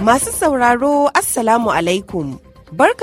Masu sauraro Assalamu alaikum.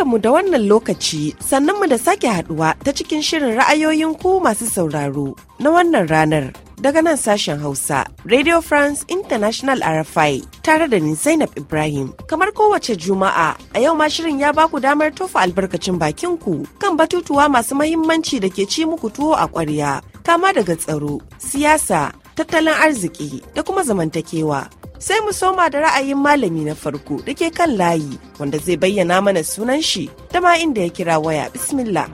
mu da wannan lokaci sannan mu da sake haduwa ta cikin shirin ra'ayoyin ku masu sauraro na wannan ranar daga nan sashen Hausa Radio France International RFI tare da ni Zainab Ibrahim. Kamar kowace Juma'a a yau ma shirin ya baku damar tofa albarkacin bakin ku kan batutuwa masu mahimmanci da ke ci muku tuwo a ƙwarya kama daga tsaro, siyasa, tattalin arziki da kuma zamantakewa. Sai mu soma da ra'ayin malami na farko da ke kan layi wanda zai bayyana mana sunan shi da ma inda ya kira waya bismillah.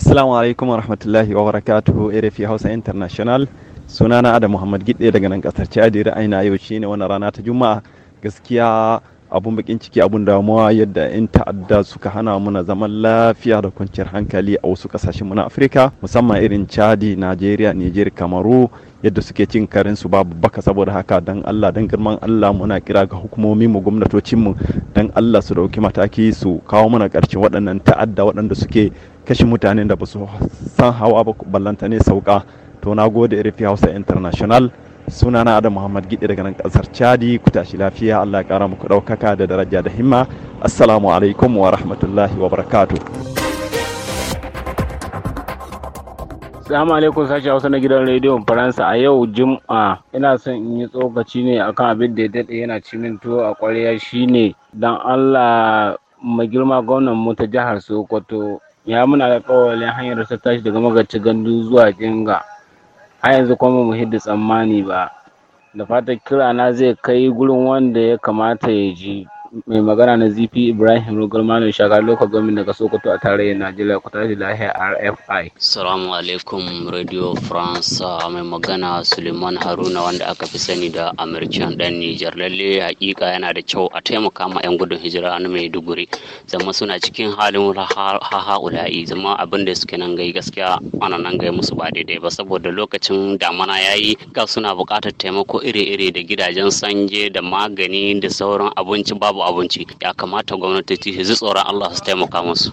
Assalamu alaikum wa rahmatullahi wa barakatuhu RFI Hausa International. Sunana Adam Muhammad Gidde daga nan kasar Chad ra'ayina yau shine wannan rana ta Juma'a. Gaskiya abun bakin ciki abun damuwa yadda 'yan ta'adda suka hana muna zaman lafiya da kwanciyar hankali a wasu kasashen mu na afirka musamman irin chadi nigeria niger kamaru yadda suke cin karin su babu baka saboda haka dan Allah dan girman Allah muna kira ga hukumomi mu gwamnatocin mu dan Allah su dauki mataki su kawo mana karshen waɗannan ta'adda waɗanda suke kashe mutanen da ba su san hawa ba ballanta ne sauka to na gode rfi Hausa International sunana adam muhammad gidi daga nan kasar chadi ku tashi lafiya allah ya kara muku daukaka da daraja da himma assalamu alaikum wa rahmatullahi wa barakatuh Assalamu alaikum sashi Hausa na gidan rediyon Faransa a yau Jum'a ina son in yi tsokaci ne akan abin da ya daɗe yana cimin tuwo a ƙwarya shine don Allah mai girma gwamnan mu ta jihar Sokoto ya muna da kawalin hanyar ta tashi daga magaci gandu zuwa Jinga har yanzu kuma mu hidda tsammani ba da fatan kira na zai kai gurin wanda ya kamata ya ji mai magana na ZP Ibrahim Rogar Malam Shagar Local gwamnati daga Sokoto a tarayyar Najeriya ku da lahiya RFI. Assalamu alaikum Radio France mai magana Suleiman Haruna wanda aka fi sani da American dan Nijar lalle hakika yana da kyau a taimaka ma yan gudun hijira na duguri. zama suna cikin halin haha'ula'i zama abin da suke nan gai gaskiya ana nan gai musu ba daidai ba saboda lokacin damana yi, ga suna buƙatar taimako iri-iri da gidajen sanje da magani da sauran abinci babu abinci ya kamata gwamnati su tsoron Allah su taimaka musu.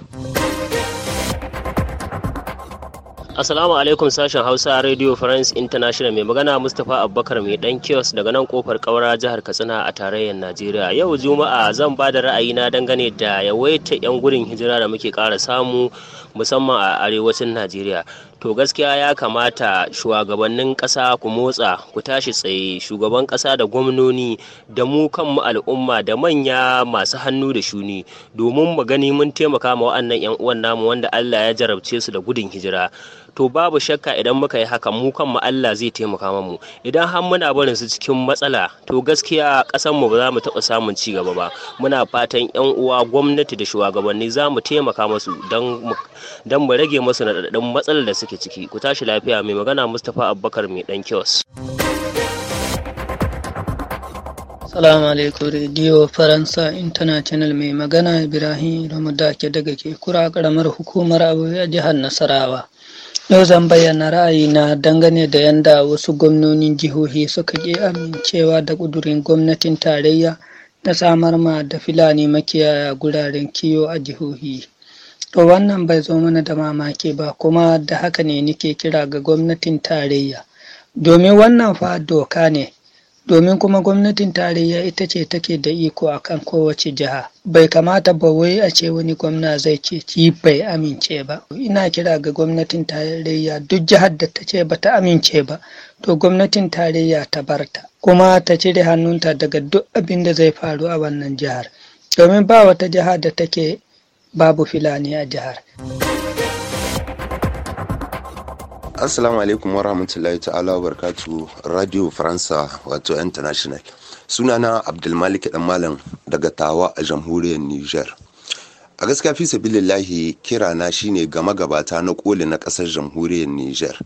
Assalamu alaikum sashen Hausa Radio France International mai magana Mustapha Abubakar mai dan kiosk daga nan kofar kaura jihar Katsina a tarayyar Najeriya. Yau Juma'a zan ba da ra'ayina dangane da yawaita 'yan gudun hijira da muke kara samu musamman a arewacin Najeriya. to gaskiya ya kamata shugabannin ƙasa ku motsa ku tashi tsaye shugaban ƙasa da gwamnoni da mu kanmu al'umma da manya masu hannu da shuni domin mu gani mun taimaka ma wa'annan 'yan uwan namu wanda Allah ya jarabce su da gudun hijira to babu shakka idan muka yi haka mu kanmu Allah zai taimaka mu idan har muna barin su cikin matsala to gaskiya kasan mu ba za mu taɓa samun ci gaba ba muna fatan yan uwa gwamnati da shugabanni za mu taimaka musu don mu rage musu naɗaɗɗun matsalar da suke ake ciki ku tashi lafiya mai magana mustapha abubakar mai dan kios Salamu alaikum Radio Faransa International mai magana Ibrahim ke daga ke kura karamar hukumar a jihar Nasarawa. Yau zan bayyana ra'ayina dangane da yadda wasu gwamnonin jihohi suka ke amincewa da ƙudurin gwamnatin tarayya na samar ma da Fulani makiyaya guraren kiyo a jihohi. To wannan bai zo mana da mamaki ba kuma da haka ne nike kira ga gwamnatin tarayya. Domin wannan fa doka ne, domin kuma gwamnatin tarayya ita ce take da iko akan kowace jiha. Bai kamata ba wai a ce wani gwamna zai ce ki bai amince ba. Ina kira ga gwamnatin tarayya duk jihar da ta ce ba ta amince ba, to gwamnatin tarayya ta barta. Kuma ta cire hannunta daga duk abin da zai faru a wannan jihar. Domin ba wata jiha da take babu Fulani a jihar. Assalamu alaikum warahmatullahi ta'ala barkatu Radio Faransa wato International. Sunana Abdulmalik dan Malam daga Tawa a jamhuriyar Niger. A gaskiya fi sabilillahi na shine gama gabata na koli na ƙasar jamhuriyar Niger.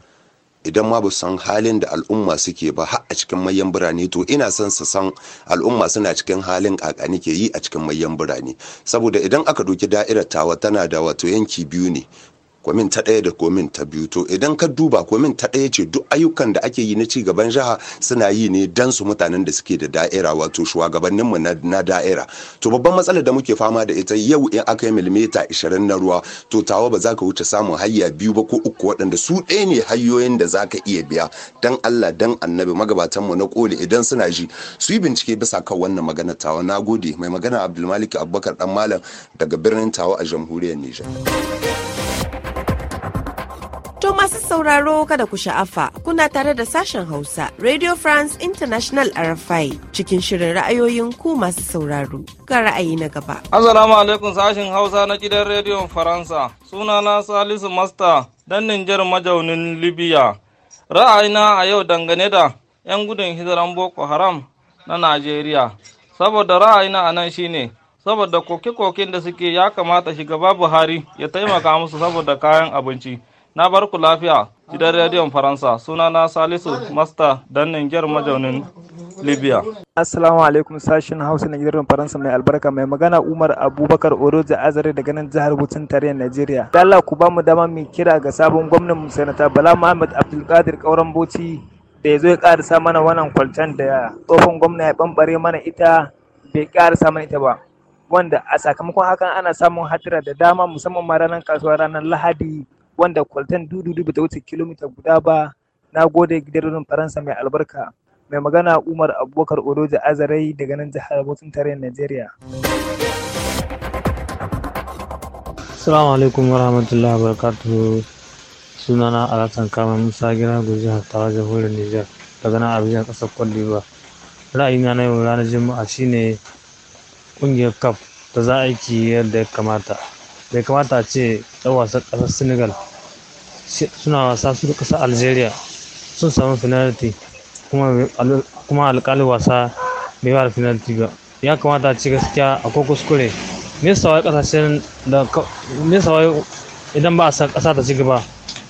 idan ma ba san halin da al'umma suke ba har a cikin manyan birane to ina son su san al'umma suna cikin halin kakani ke yi a cikin manyan birane saboda idan aka ɗauki da'irar tawa tana da wato yanki biyu ne komin ta ɗaya da komin ta biyu to idan ka duba komin ta ɗaya ce duk ayyukan da ake yi na ci gaban jiha suna yi ne dan su mutanen da suke da da'ira wato shugabannin mu na da'ira to babban matsalar da muke fama da ita yau in aka yi milimita 20 na ruwa to tawa ba za ka wuce samun hayya biyu ba ko uku waɗanda su ɗaya ne hanyoyin da za ka iya biya dan Allah dan annabi magabatanmu na koli idan suna ji su yi bincike bisa kan wannan magana tawa na gode mai magana abdulmalik abubakar dan malam daga birnin tawa a jamhuriyar nijar To masu sauraro kada ku sha'afa kuna tare da sashen Hausa Radio France International RFI cikin shirin ra'ayoyin ku masu sauraro ga ra'ayi na gaba. Assalamu alaikum sashen Hausa na gidan Radio Faransa sunana Salisu Masta dan Nijar majaunin Libya. Ra'ayina a yau dangane da 'yan gudun hijiran Boko Haram na Najeriya. Saboda ra'ayina a nan shine saboda koke-koken da suke ya kamata shiga shugaba Buhari ya taimaka musu saboda kayan abinci. na bar ku lafiya gidan rediyon faransa suna na salisu masta dan niger mazaunin libya assalamu alaikum sashen hausa na gidan faransa mai albarka mai magana umar abubakar oroja azare daga nan jihar butun tarayyar najeriya allah ku ba mu dama mai kira ga sabon gwamnan mu sanata bala muhammad abdulkadir kauran bauchi da ya zo ya karasa mana wannan kwalcan da tsohon gwamna ya bambare mana ita bai karasa mana ita ba wanda a sakamakon hakan ana samun hatira da dama musamman ma ranar kasuwa ranar lahadi wanda kwaltan dududu bata wuce kilomita guda ba na gode gidan faransa mai albarka mai magana umar abubakar odoja azarai daga nan jihar bautin tarayyar najeriya assalamu alaikum barakatu suna na alhassan kama musa gira guji tawa jamhuriyar niger daga nan abijan kasar ba ra'ayina na yau ranar juma'a shine kungiyar kaf da za a yi yadda ya kamata bai kamata a ce ɗan wasan ƙasar senegal suna wasa su ƙasar algeria sun samu finalti kuma alƙalin wasa bai ba da finalti ba ya kamata a ce gaskiya a kuskure nesa wai ƙasashen da nesa wai idan ba a san ƙasa ta cigaba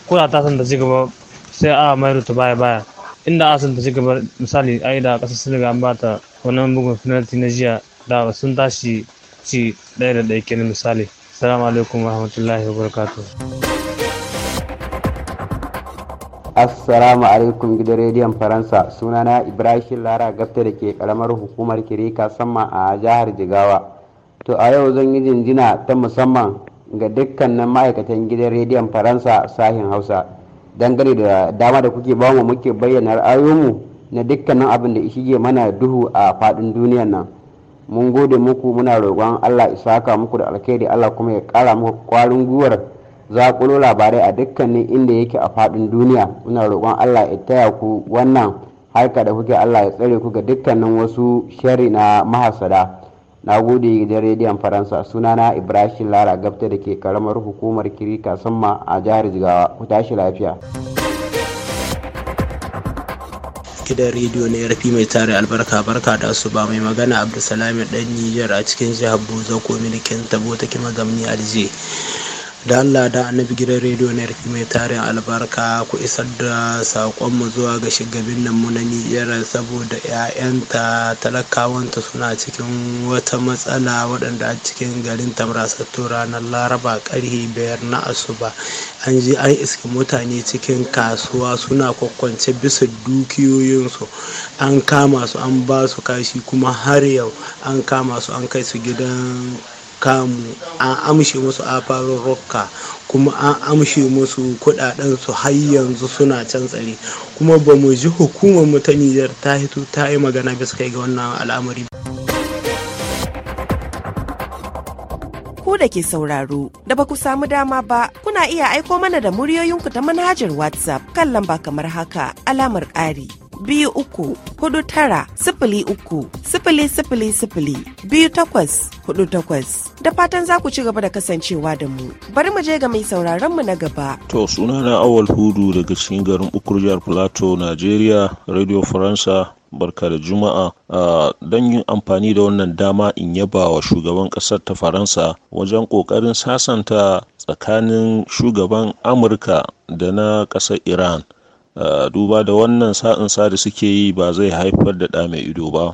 ko da ta san ta cigaba sai a mai rutu baya baya inda a san ta cigaba misali a yi da ƙasar senegal an ba ta wannan bugun finalti na jiya da sun tashi ci ɗaya da ɗaya kenan misali Assalamu alaikum warahmatullahi wabarakatuh. Assalamu alaikum gidan rediyon Faransa sunana Ibrahim Lara Gafta da ke karamar hukumar Kirika sama a jihar Jigawa. To a yau zan yi jinjina ta musamman ga dukkanin ma'aikatan gidan rediyon Faransa sahin Hausa dangane da dama da kuke bamu muke bayyana ra'ayoyinmu na dukkanin abin da shige mana duhu a faɗin duniyar nan. mun gode muku muna roƙon allah isaka muku da alkhairi allah kuma ya ƙara muku ƙwarin gwiwar zaƙulo labarai a dukkanin inda yake a faɗin duniya muna roƙon allah ya taya ku wannan harka da kuke allah ya tsare ku ga dukkanin wasu shari na mahasada na gode da rediyon faransa sunana ibrahim lara gabta da ke karamar hukumar kirika samma a jihar jigawa ku tashi lafiya gidan rediyo na yarfi mai tare albarka barka da su ba mai magana abdulsalami dan nijar a cikin jihar bozo ko milikin tabo ta kima gamni alje da Allah da annabi gidan rediyo na yarki mai tarin albarka ku isar da saƙonmu zuwa ga shigabin nan mu na Nijar saboda 'ya'yanta talakawanta suna cikin wata matsala waɗanda a cikin garin Tamrasattu ranar Laraba ƙarhe biyar na asuba an ji an iski mutane cikin kasuwa suna kwakwance bisa dukiyoyinsu an kama su an ba su kashi kuma har yau an kama su an kai su gidan kamu an amshe musu afarin rokka kuma an amshe musu kudaden su har yanzu suna can tsare kuma ba mu ji hukumar mu ta Nijar ta hito ta yi magana bisa kai ga wannan al'amari ku da ke sauraro da ba ku samu dama ba kuna iya aiko mana da muryoyinku ta manhajar whatsapp kan lamba kamar haka alamar ƙari biyu uku hudu tara sifili uku sifili sifili sifili biyu takwas hudu takwas da fatan za ku ci gaba da kasancewa da mu bari mu je ga mai sauraron mu na gaba. To sunana awal hudu daga cikin garin Ukurjiyar jihar Plateau, Nigeria, Radio Faransa, barka da juma'a don yin amfani da wannan dama in yaba wa shugaban ƙasar ta faransa wajen ƙoƙarin sasanta tsakanin shugaban amurka da na ƙasar iran Eh, duba da wannan sa'in sa da suke yi ba zai haifar da ɗa mai ido ba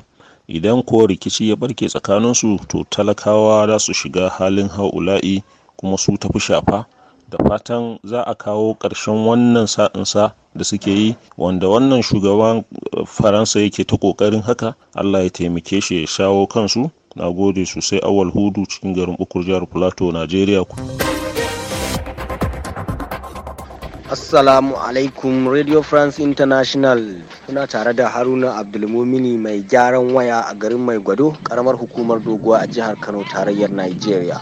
idan ko rikici ya barke tsakaninsu to talakawa za su shiga halin haula'i kuma su tafi shafa da fatan za a kawo ƙarshen wannan sa'insa da suke yi wanda wannan shugaban eh, faransa yake ta ƙoƙarin haka allah ya taimake shi ya shawo kansu na gode sosai awal hudu cikin garin bukur jihar plateau nigeria Assalamu alaikum Radio France International kuna tare da Haruna Abdulmumini mai gyaran waya a garin Mai Gwado karamar hukumar doguwa a jihar Kano tarayyar Nigeria.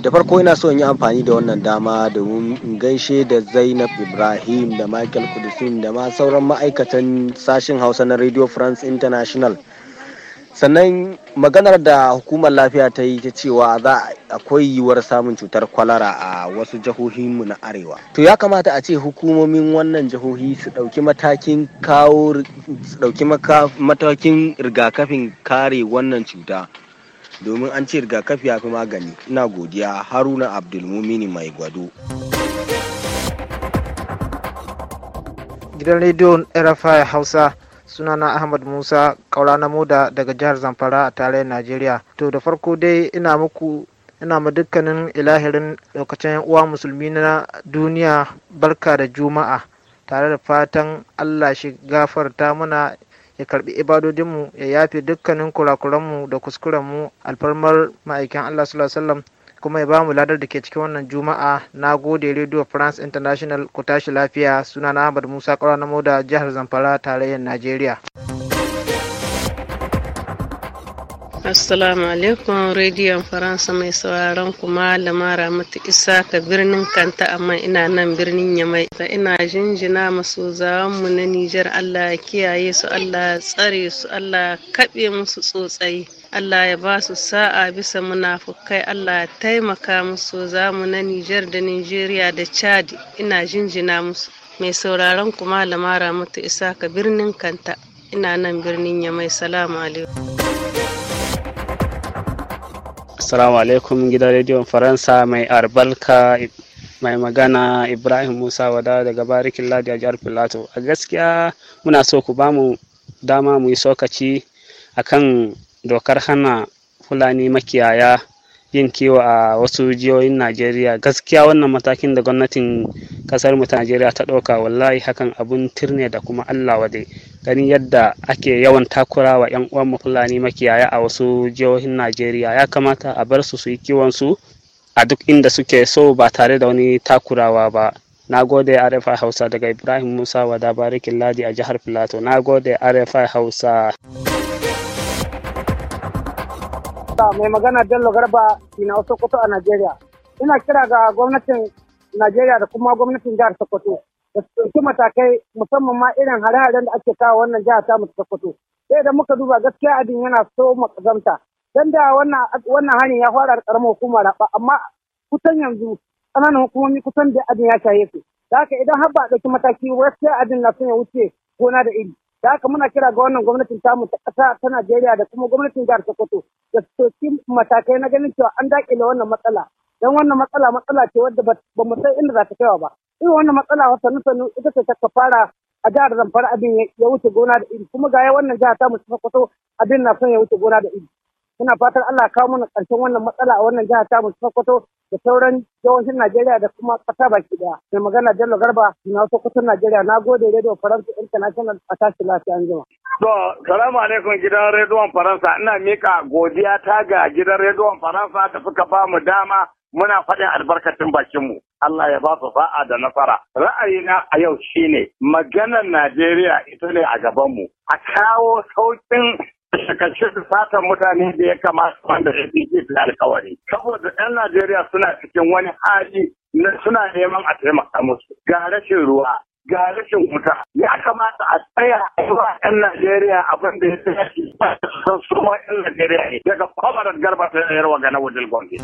Da farko ina so yi amfani da wannan dama domin in gaishe da Zainab Ibrahim da Michael Kudusin da ma sauran ma'aikatan sashen Hausa na Radio France International. sannan maganar da hukumar lafiya ta yi ta cewa za akwai yiwuwar samun cutar kwalara a wasu jihohinmu na arewa to ya kamata a ce hukumomin wannan jihohi su ɗauki matakin kawo su ɗauki matakin rigakafin kare wannan cuta domin an ce rigakafi ya fi magani ina godiya haruna abdulmumini mai gwado gidan rediyon rfi hausa sunana Ahmad Musa kaura na moda daga jihar Zamfara a tarayyar Najeriya. To da farko dai ina muku ina ma dukkanin ilahirin lokacin uwa musulmi na duniya barka da juma'a tare da fatan Allah shi gafarta muna ya karbi ibadodinmu ya yafe dukkanin kurakuranmu da kuskurenmu alfarmar ma'aikin Allah sallallahu alaihi kuma ya ba mu ladar da ke cikin wannan juma'a na gode radio france international ku tashi lafiya suna na ahmad musa kwara na moda jihar zamfara tarayyar najeriya assalamu alaikum rediyon faransa mai sauraron ku lamara mata isa ka birnin kanta amma ina nan birnin yamai da ina jinjina masu mu na nijar allah kiyaye su allah tsare su allah kaɓe musu tsotsai Allah ya ba su sa'a bisa munafukai Allah ya taimaka musu zamu na Nijar da Nijeriya da Chad ina jinjina musu mai sauraron ku malama Ramatu ka birnin Kanta ina nan birnin ya mai salamu alaikum Assalamu alaikum gidan rediyon Faransa mai arbalka mai magana Ibrahim Musa wada daga Barikin Ladi a jihar Plateau. A gaskiya muna so ku bamu dama mu yi sokaci akan dokar hana fulani makiyaya yin kiwo a wasu jihohin najeriya gaskiya wannan matakin da gwamnatin kasar mu ta najeriya ta ɗauka wallahi hakan abun tirne da kuma allah wade ganin yadda ake yawan takura wa yan uwan fulani makiyaya a wasu jihohin najeriya ya kamata a bar su su yi kiwon su a duk inda suke so ba tare da wani takurawa ba na gode rfi hausa daga ibrahim musa wa dabarikin ladi a jihar plateau na gode rfi hausa Mai magana Bello Garba na Sokoto a Najeriya. Ina kira ga gwamnatin Najeriya da kuma gwamnatin jihar Sokoto. Da su matakai musamman ma irin hare-haren da ake kawo wannan jihar ta mutu Sokoto. Sai da muka duba gaskiya abin yana so makazamta. Dan da wannan hani ya fara karamar hukumar raba amma kusan yanzu ƙananan hukumomi kusan da abin ya shaye su. Da haka idan har ba a ɗauki mataki gaskiya abin na son ya wuce gona da iri. da haka muna kira ga wannan gwamnatin tamu ta ƙasa ta Najeriya da kuma gwamnatin jihar Sokoto da su ɗauki matakai na ganin cewa an daƙile wannan matsala don wannan matsala matsala ce wadda ba mu san inda za ta kaiwa ba irin wannan matsala wata sannu ita ce ta fara a jihar Zamfara abin ya wuce gona da iri kuma ga wannan jihar tamu ta Sokoto abin na son ya wuce gona da iri muna fatan Allah kawo mana ƙarshen wannan matsala a wannan jihar tamu Sokoto da sauran yawancin Najeriya da kuma ƙasa baki daya. Mai magana Jalo Garba, na Sokoto Najeriya, na gode Radio Faransa International a tashi lafiya anjima. To, salamu alaikum gidan rediyon Faransa, ina mika godiya ta ga gidan rediyon Faransa da suka ba mu dama muna faɗin albarkacin bakinmu. Allah ya ba su sa'a da nasara. Ra'ayina a yau shine maganar Najeriya ita ne a gabanmu. A kawo sauƙin kashe-kashe da satan mutane da ya kamata wanda ya fi da alkawari. Saboda 'yan Najeriya suna cikin wani hali na suna neman a taimaka musu. Ga rashin ruwa, ga rashin wuta. Ya kamata a tsaya a yi wa 'yan Najeriya abin da ya tashi ba su san su 'yan Najeriya ne. Daga kwamarar garba ta yarwa ga na wajen gwamnati.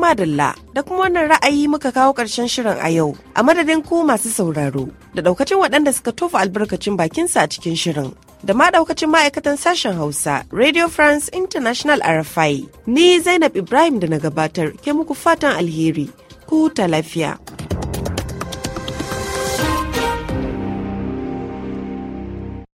madalla da kuma wannan ra'ayi muka kawo ƙarshen shirin a yau a madadin ku masu sauraro da ɗaukacin waɗanda suka tofa albarkacin bakinsa a cikin shirin da ma daukacin ma'aikatan sashen Hausa Radio France International RFI. Ni Zainab Ibrahim da na gabatar ke muku fatan alheri, ku ta lafiya.